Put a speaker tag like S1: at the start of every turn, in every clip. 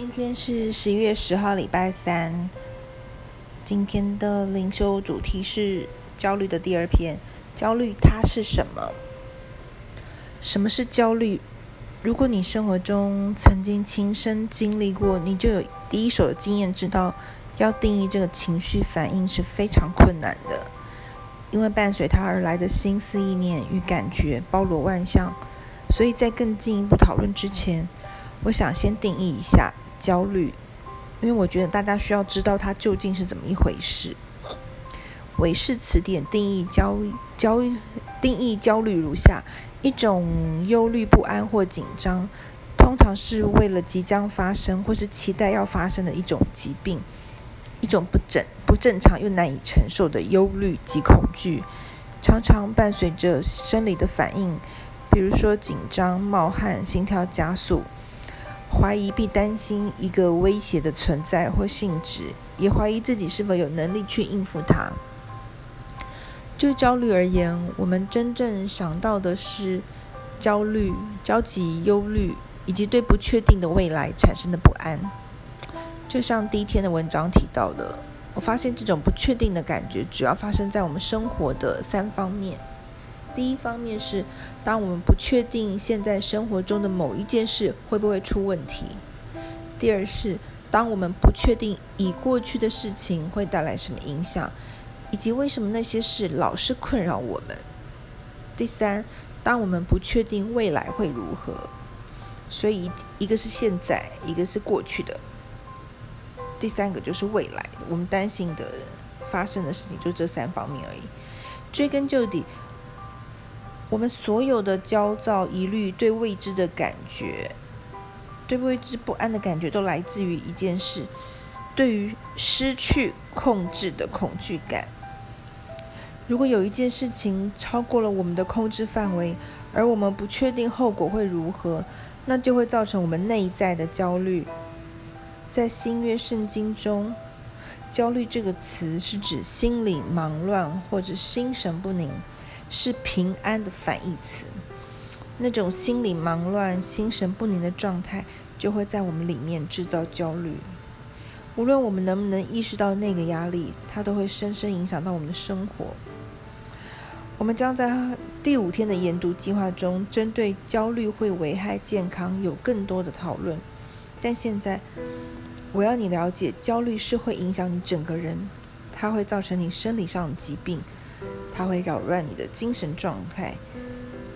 S1: 今天是十一月十號，禮拜三。今天的靈修主題是焦慮的第二篇，焦慮它是什麼？什麼是焦慮？如果你生活中曾經親身經歷過，你就有第一手的經驗，知道要定義這個情緒反應是非常困難的，因為伴隨它而來的心思、意念與感覺包羅萬象。所以在更進一步討論之前，我想先定義一下。焦慮，因為我覺得大家需要知道它究竟是怎麼一回事。韋氏詞典定義焦焦定義焦慮如下：一種憂慮不安或緊張，通常是為了即將發生或是期待要發生的一種疾病，一種不正不正常又難以承受的憂慮及恐懼，常常伴隨着生理的反應，比如說緊張、冒汗、心跳加速。懷疑並擔心一個威脅的存在或性質，也懷疑自己是否有能力去應付它。就焦慮而言，我們真正想到的是焦慮、焦急、憂慮，以及對不確定的未來產生的不安。就像第一天的文章提到的，我發現這種不確定的感覺主要發生在我們生活的三方面。第一方面是，當我們不確定現在生活中的某一件事會不會出問題；第二是，當我們不確定已過去的事情會帶來什麼影響，以及為什麼那些事老是困擾我們；第三，當我們不確定未來會如何。所以，一個是現在，一個是過去的；第三個就是未來，我們擔心的發生的事情就這三方面而已。追根究底。我們所有的焦躁、疑慮、對未知的感覺、對未知不安的感覺，都來自於一件事：對於失去控制的恐懼感。如果有一件事情超過了我們的控制範圍，而我們不確定後果會如何，那就會造成我們內在的焦慮。在新約聖經中，“焦慮”這個詞是指心裡忙亂或者心神不寧。是平安的反義詞，那種心裡忙亂、心神不寧的狀態，就會在我們裡面製造焦慮。無論我們能不能意識到那個壓力，它都會深深影響到我們的生活。我們將在第五天的研讀計劃中，針對焦慮會危害健康有更多的討論。但現在，我要你了解，焦慮是會影響你整個人，它會造成你生理上的疾病。它會擾亂你的精神狀態，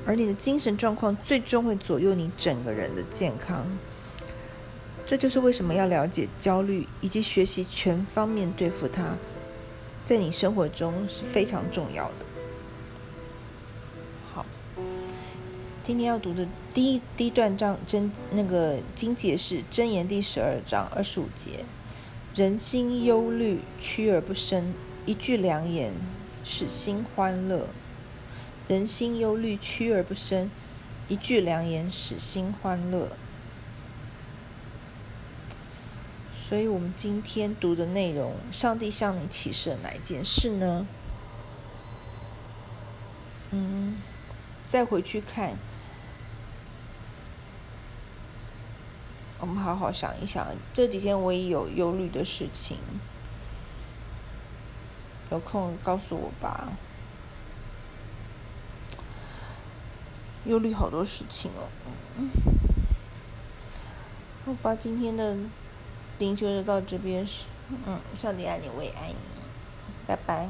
S1: 而你的精神狀況最終會左右你整個人的健康。這就是為什麼要了解焦慮以及學習全方面對付它，在你生活中是非常重要的。好，今天要讀的第一第一段章箴那個經節是箴言第十二章二十五節：人心憂慮屈而不伸，一句良言。使心歡樂，人心憂慮，屈而不伸。一句良言，使心歡樂。所以，我們今天讀的內容，上帝向你啟示哪一件事呢？嗯，再回去看，我們好好想一想。這幾天我也有憂慮的事情。有空告訴我吧。憂慮好多事情哦。好吧，今天的靈修就到這邊是，嗯，上帝愛你，我也愛你，拜拜。